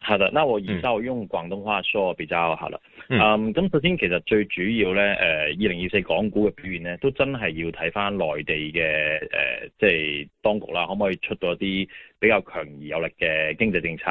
係啦，我而家我用廣東話說比較下啦。嗯，咁、嗯、首先其實最主要咧，誒二零二四港股嘅表現咧，都真係要睇翻內地嘅誒、呃，即係當局啦，可唔可以出到啲比較強而有力嘅經濟政策，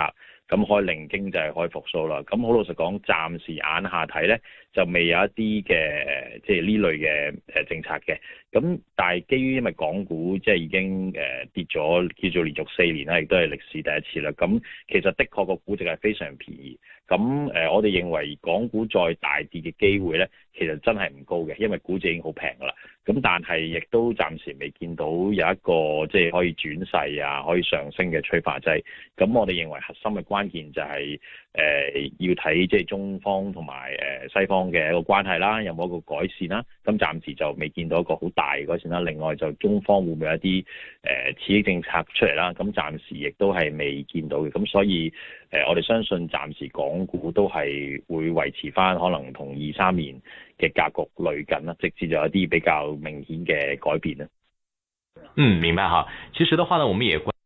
咁可以令經濟可以復甦啦。咁好老實講，暫時眼下睇咧，就未有一啲嘅即係呢類嘅政策嘅。咁但係基於因為港股即係已經誒、呃、跌咗叫做連續四年啦，亦都係歷史第一次啦。咁其實的確個估值係非常便宜。咁誒、呃，我哋認為港股再大跌嘅機會呢，其實真係唔高嘅，因為估值已經好平噶啦。咁但係亦都暫時未見到有一個即係可以轉勢啊，可以上升嘅催化劑。咁我哋認為核心嘅關鍵就係、是。誒、呃、要睇即係中方同埋誒西方嘅一個關係啦，有冇一個改善啦？咁暫時就未見到一個好大嘅改善啦。另外就中方會唔會有一啲誒、呃、刺激政策出嚟啦？咁暫時亦都係未見到嘅。咁所以誒、呃，我哋相信暫時港股都係會維持翻，可能同二三年嘅格局類近啦，直至就有一啲比較明顯嘅改變啦。嗯，明白哈。其實都可能我們也關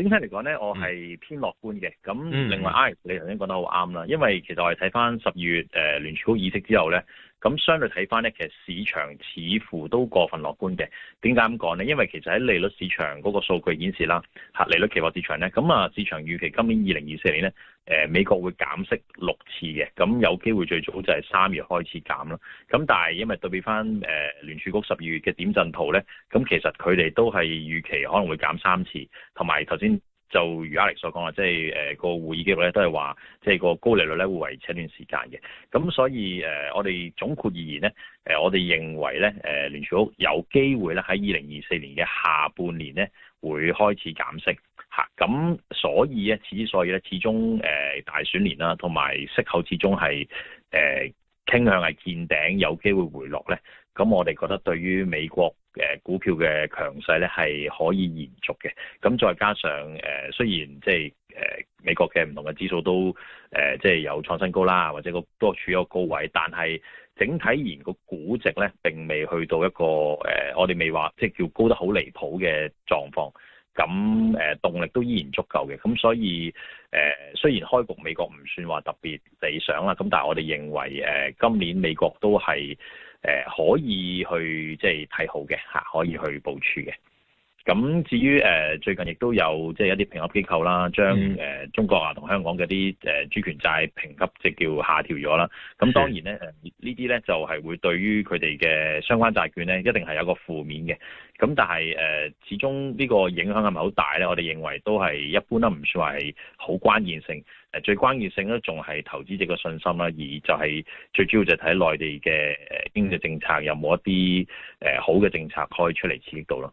整體嚟講咧，我係偏樂觀嘅。咁、嗯、另外，Alex 你頭先講得好啱啦，因為其實我哋睇翻十二月誒聯儲局議息之後咧。咁相對睇翻咧，其實市場似乎都過分樂觀嘅。點解咁講呢？因為其實喺利率市場嗰個數據顯示啦，嚇利率期貨市場咧，咁啊市場預期今年二零二四年咧，美國會減息六次嘅，咁有機會最早就係三月開始減啦。咁但係因為對比翻誒聯儲局十二月嘅點陣圖咧，咁其實佢哋都係預期可能會減三次，同埋頭先。就如阿力所講啊，即係誒個會議紀錄咧，都係話，即係個高利率咧會維持一段時間嘅。咁所以誒、呃，我哋總括而言咧，誒、呃、我哋認為咧，誒、呃、聯儲局有機會咧喺二零二四年嘅下半年咧會開始減息嚇。咁、啊、所以，因此之所以咧，始終誒、呃、大選年啦，同埋息口始終係誒、呃、傾向係見頂，有機會回落咧。咁我哋覺得對於美國，誒股票嘅強勢咧係可以延續嘅，咁再加上誒雖然即係誒美國嘅唔同嘅指數都誒即係有創新高啦，或者都處於一個高位，但係整體而言個估值咧並未去到一個誒我哋未話即係叫高得好離譜嘅狀況。咁誒、呃、動力都依然足夠嘅，咁所以誒、呃、雖然開局美國唔算話特別理想啦，咁但係我哋認為、呃、今年美國都係、呃、可以去即係睇好嘅嚇，可以去部署嘅。咁至於誒、呃、最近亦都有即係一啲評級機構啦，將誒、嗯呃、中國啊同香港嗰啲誒主權債評級即叫下調咗啦。咁當然咧呢啲咧、呃、就係、是、會對於佢哋嘅相關債券咧一定係有個負面嘅。咁但係誒、呃、始終呢個影響係咪好大咧？我哋認為都係一般都唔算話係好關鍵性、呃。最關鍵性咧仲係投資者嘅信心啦，而就係最主要就睇喺內地嘅誒經濟政策有冇一啲誒、呃、好嘅政策可以出嚟刺激到咯。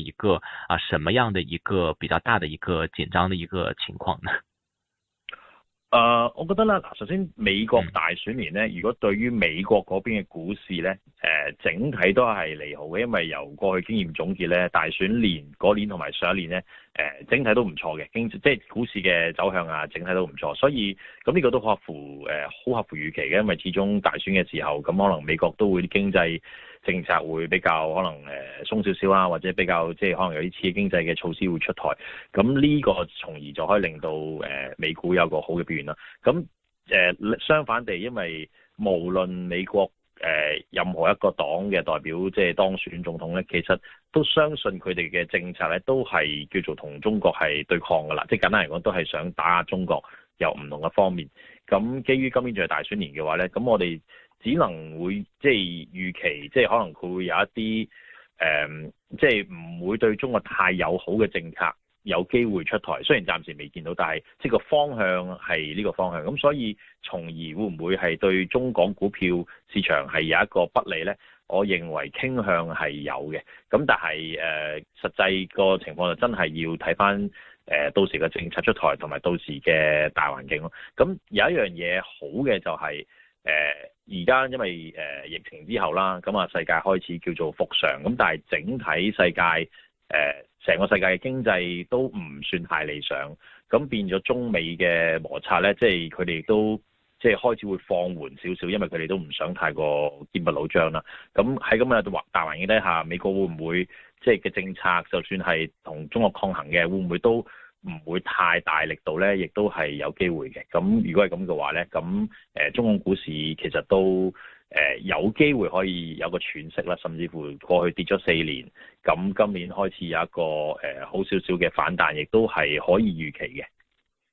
一個啊，什麼樣的一個比較大的一個緊張的一個情況呢？誒、呃，我覺得啦，首先美國大選年呢，如果對於美國嗰邊嘅股市呢，誒、呃、整體都係利好嘅，因為由過去經驗總結呢，大選年嗰年同埋上一年呢，誒、呃、整體都唔錯嘅經濟，即係股市嘅走向啊，整體都唔錯，所以咁呢個都好合乎誒好、呃、合乎預期嘅，因為始終大選嘅時候，咁可能美國都會經濟。政策會比較可能誒、呃、鬆少少啊，或者比較即係可能有啲刺激經濟嘅措施會出台，咁呢個從而就可以令到誒、呃、美股有個好嘅表現啦。咁誒、呃、相反地，因為無論美國誒、呃、任何一個黨嘅代表即係當選總統咧，其實都相信佢哋嘅政策咧都係叫做同中國係對抗㗎啦。即係簡單嚟講，都係想打壓中國有唔同嘅方面。咁基於今年仲係大選年嘅話咧，咁我哋。只能會即係預期，即係可能佢會有一啲誒、嗯，即係唔會對中國太友好嘅政策有機會出台。雖然暫時未見到，但係即係個方向係呢個方向。咁所以從而會唔會係對中港股票市場係有一個不利呢？我認為傾向係有嘅。咁但係誒、呃，實際個情況就真係要睇返誒到時嘅政策出台同埋到時嘅大環境咯。咁有一樣嘢好嘅就係、是。誒，而家因為誒疫情之後啦，咁啊世界開始叫做復常，咁但係整體世界誒，成個世界嘅經濟都唔算太理想，咁變咗中美嘅摩擦咧，即係佢哋都即係開始會放緩少少，因為佢哋都唔想太過劍拔弩張啦。咁喺咁嘅環大環境底下，美國會唔會即係嘅政策就算係同中國抗衡嘅，會唔會都？唔會太大力度咧，亦都係有機會嘅。咁如果係咁嘅話咧，咁中港股市其實都誒有機會可以有個喘息啦，甚至乎過去跌咗四年，咁今年開始有一個誒好少少嘅反彈，亦都係可以預期嘅。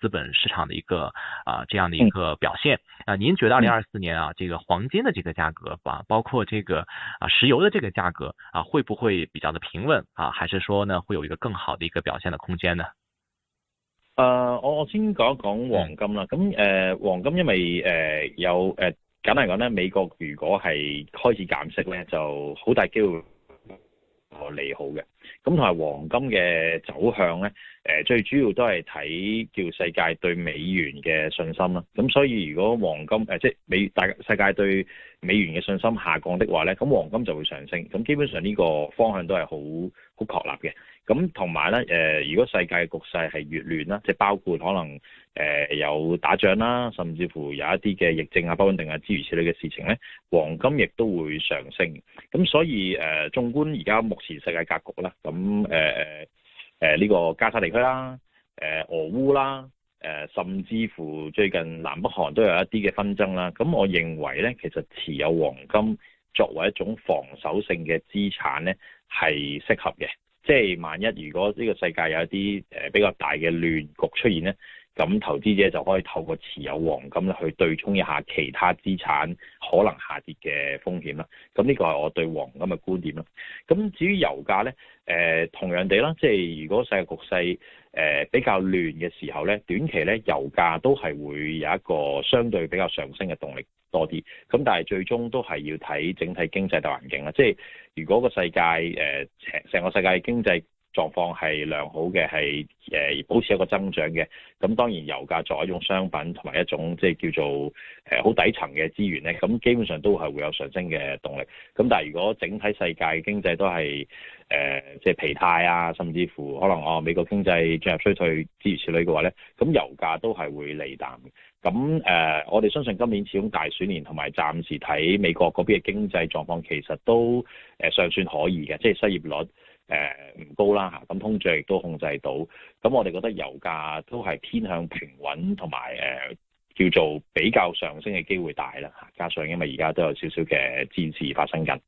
資本市場的一個啊這樣的一個表現啊、嗯，您覺得二零二四年啊這個黃金的這個價格啊、嗯，包括這個啊石油的這個價格啊，會不會比較的平穩啊，還是說呢會有一個更好的一個表現的空間呢？呃，我先講一講黃金啦，咁、嗯、誒、呃、黃金因為誒有誒、呃、簡單嚟講呢，美國如果係開始減息咧，就好大機會哦利好嘅。咁同埋黃金嘅走向咧，誒最主要都係睇叫世界對美元嘅信心啦。咁所以如果黃金誒即係美大世界對美元嘅信心下降的話咧，咁黃金就會上升。咁基本上呢個方向都係好好確立嘅。咁同埋咧，誒、呃，如果世界局勢係越亂啦，即係包括可能誒、呃、有打仗啦，甚至乎有一啲嘅疫症啊、不穩定啊諸如此類嘅事情咧，黃金亦都會上升。咁所以誒，縱、呃、觀而家目前世界格局咧，咁誒誒誒呢個加沙地區啦，誒、呃、俄烏啦，誒、呃、甚至乎最近南北韓都有一啲嘅紛爭啦，咁我認為咧，其實持有黃金作為一種防守性嘅資產咧，係適合嘅。即係萬一，如果呢個世界有一啲誒比較大嘅亂局出現咧。咁投資者就可以透過持有黃金去對沖一下其他資產可能下跌嘅風險啦。咁呢個係我對黃金嘅觀點啦。咁至於油價呢，誒、呃、同樣地啦，即係如果世界局勢誒、呃、比較亂嘅時候呢，短期呢，油價都係會有一個相對比較上升嘅動力多啲。咁但係最終都係要睇整體經濟大環境啦。即係如果個世界誒成成個世界經濟狀況係良好嘅，係誒保持一個增長嘅。咁當然油價作為一種商品同埋一種即係叫做誒好底層嘅資源呢，咁基本上都係會有上升嘅動力。咁但係如果整體世界的經濟都係誒、呃、即係疲態啊，甚至乎可能我美國經濟進入衰退之類似類嘅話呢，咁油價都係會利淡。咁誒、呃，我哋相信今年始終大選年同埋暫時睇美國嗰邊嘅經濟狀況其實都誒尚算可以嘅，即係失業率。誒、嗯、唔高啦嚇咁、啊啊、通脹亦都控制到，咁我哋覺得油價都係偏向平穩，同埋、誒、叫做比較上升嘅機會大啦、嚇、加上因為而家都有少少嘅戰事發生緊。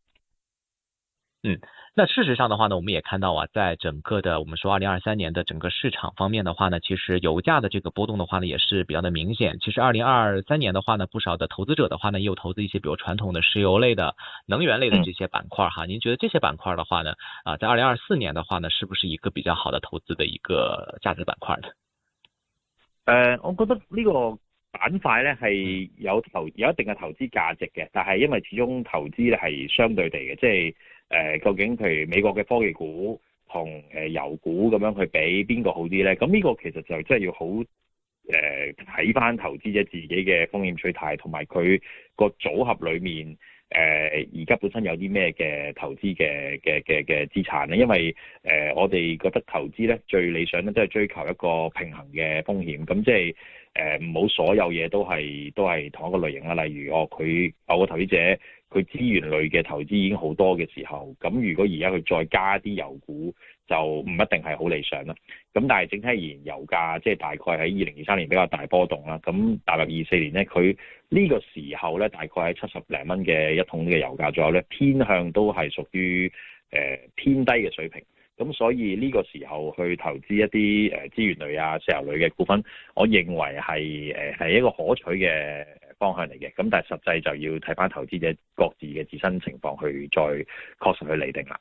嗯，那事實上的話呢，我們也看到啊，在整個的我們說二零二三年的整個市場方面的話呢，其實油價的這個波動的話呢，也是比較的明顯。其實二零二三年的話呢，不少的投資者的話呢，也有投資一些比如傳統的石油類的能源類的這些板塊哈。您、嗯啊、覺得這些板塊的話呢，啊，在二零二四年的話呢，是不是一個比較好的投資的一個價值板塊呢？呃，我覺得呢個板塊呢，係有投有一定嘅投資價值嘅，但係因為始終投資呢，係相對地嘅，即係。誒、呃、究竟譬如美國嘅科技股同誒、呃、油股咁樣，去比邊個好啲呢？咁呢個其實就真係要好誒睇翻投資者自己嘅風險取態，同埋佢個組合裡面。誒而家本身有啲咩嘅投資嘅嘅嘅嘅資產咧？因為誒、呃，我哋覺得投資咧最理想咧都係追求一個平衡嘅風險，咁即係誒唔好所有嘢都係都係同一個類型啦。例如哦，佢某個投資者佢資源類嘅投資已經好多嘅時候，咁如果而家佢再加啲油股，就唔一定係好理想啦。咁但係整體而言，油價即係大概喺二零二三年比較大波動啦。咁踏入二四年呢，佢呢、這個時候呢，大概喺七十零蚊嘅一桶嘅油價左右呢，偏向都係屬於誒偏低嘅水平。咁所以呢個時候去投資一啲誒資源類啊、石油類嘅股份，我認為係、呃、係一個可取嘅方向嚟嘅。咁但係實際就要睇翻投資者各自嘅自身情況去再確實去釐定啦。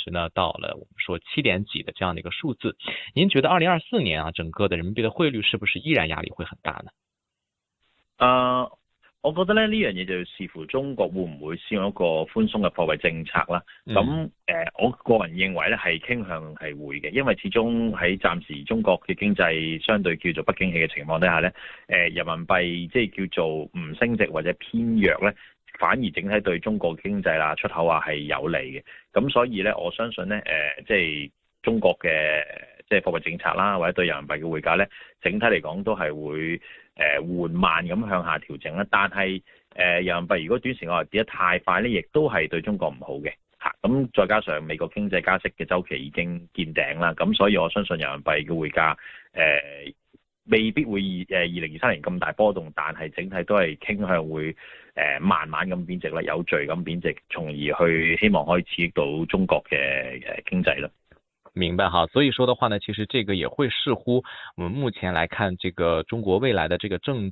呢到了，我們說七點幾的這樣的一個數字，您覺得二零二四年啊，整個的人民幣的匯率是不是依然壓力會很大呢？啊、呃，我覺得咧呢樣嘢就視乎中國會唔會先有一個寬鬆嘅貨幣政策啦。咁、嗯、誒、嗯，我個人認為咧係傾向係會嘅，因為始終喺暫時中國嘅經濟相對叫做不景氣嘅情況底下咧，誒、呃，人民幣即係叫做唔升值或者偏弱咧。反而整體對中國的經濟啦、出口啊係有利嘅，咁所以咧，我相信咧，誒、呃，即係中國嘅即係貨幣政策啦，或者對人民幣嘅匯價咧，整體嚟講都係會誒、呃、緩慢咁向下調整啦。但係誒人民幣如果短時間跌得太快咧，亦都係對中國唔好嘅嚇。咁、啊、再加上美國經濟加息嘅周期已經見頂啦，咁所以我相信人民幣嘅匯價誒，呃未必會二誒二零二三年咁大波動，但係整體都係傾向會誒慢慢咁貶值啦，有序咁貶值，從而去希望可以刺激到中國嘅誒經濟啦。明白哈，所以說的話呢，其實這個也會視乎，我們目前來看，這個中國未來的這個政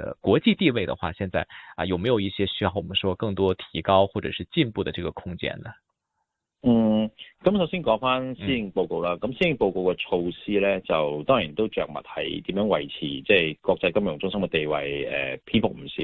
誒國際地位的話，現在啊，有沒有一些需要我們說更多提高或者是進步的這個空間呢？嗯，咁首先講翻施政報告啦。咁施政報告嘅措施呢，就當然都著墨係點樣維持即係、就是、國際金融中心嘅地位誒，篇幅唔少。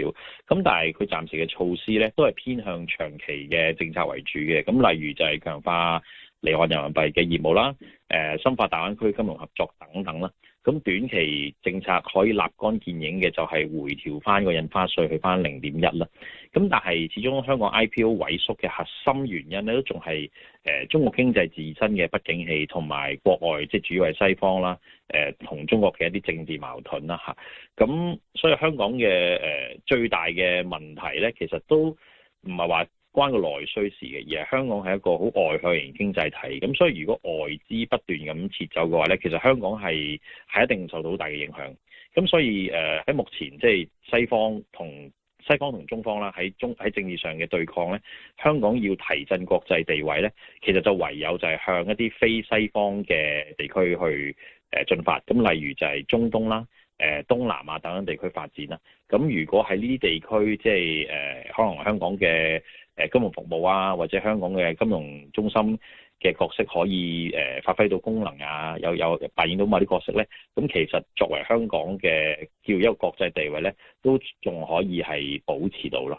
咁但係佢暫時嘅措施呢，都係偏向長期嘅政策為主嘅。咁例如就係強化離岸人民幣嘅業務啦，誒、呃、深化大灣區金融合作等等啦。咁短期政策可以立竿見影嘅就係回調翻個印花稅去翻零點一啦。咁但係始終香港 IPO 萎縮嘅核心原因咧，都仲係誒中國經濟自身嘅不景氣同埋國外，即係主要係西方啦，誒、呃、同中國嘅一啲政治矛盾啦嚇。咁所以香港嘅誒、呃、最大嘅問題咧，其實都唔係話關個內需事嘅，而係香港係一個好外向型經濟體，咁所以如果外資不斷咁撤走嘅話咧，其實香港係係一定受到好大嘅影響。咁所以誒喺、呃、目前即係、就是、西方同西方同中方啦，喺中喺政治上嘅對抗咧，香港要提振國際地位咧，其實就唯有就係向一啲非西方嘅地區去誒進發。咁例如就係中東啦、誒、呃、東南亞等等地區發展啦。咁如果喺呢啲地區即係誒可能香港嘅誒金融服務啊，或者香港嘅金融中心嘅角色可以誒、呃、發揮到功能啊，又有扮演到某啲角色咧，咁其實作為香港嘅叫一個國際地位咧，都仲可以係保持到咯。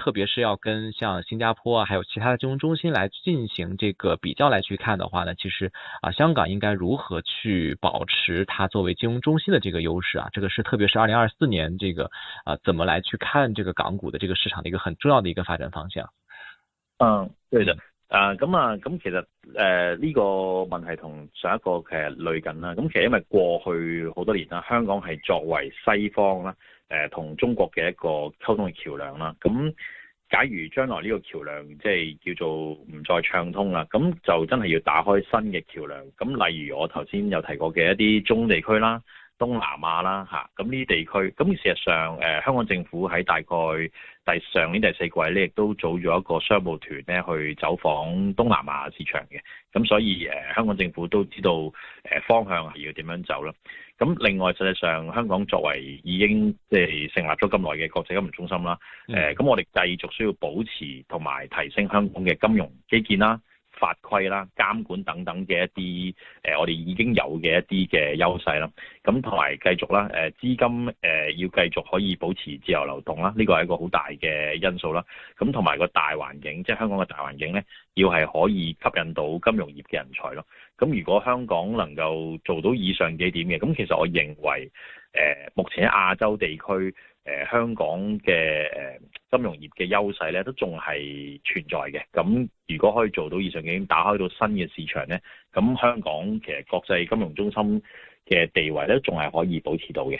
特別是要跟像新加坡啊，還有其他的金融中心來進行這個比較來去看的話呢，其實啊，香港應該如何去保持它作為金融中心的這個優勢啊？這個是特別是二零二四年這個啊，怎麼來去看這個港股的這個市場的一個很重要的一個發展方向？嗯，對的啊，咁啊，咁其實誒，呢個，呃這個問題同上一個其實類近啦。咁其實因為過去好多年啦，香港係作為西方啦。誒同中國嘅一個溝通嘅橋梁啦，咁假如將來呢個橋梁即係叫做唔再暢通啦，咁就真係要打開新嘅橋梁，咁例如我頭先有提過嘅一啲中地區啦。東南亞啦嚇，咁呢啲地區，咁事實上誒、呃、香港政府喺大概第上年第四季咧，亦都組咗一個商務團咧去走訪東南亞市場嘅，咁所以誒、呃、香港政府都知道誒、呃、方向係要點樣走啦。咁另外，實際上香港作為已經即係成立咗咁耐嘅國際金融中心啦，誒、嗯、咁、呃、我哋繼續需要保持同埋提升香港嘅金融基建啦。法規啦、監管等等嘅一啲誒，我哋已經有嘅一啲嘅優勢啦。咁同埋繼續啦，誒，資金誒要繼續可以保持自由流動啦。呢個係一個好大嘅因素啦。咁同埋個大環境，即係香港嘅大環境呢，要係可以吸引到金融業嘅人才咯。咁如果香港能夠做到以上幾點嘅，咁其實我認為誒，目前喺亞洲地區，誒、呃、香港嘅、呃、金融業嘅優勢咧，都仲係存在嘅。咁如果可以做到以上幾點，打開到新嘅市場咧，咁香港其實國際金融中心嘅地位咧，仲係可以保持到嘅。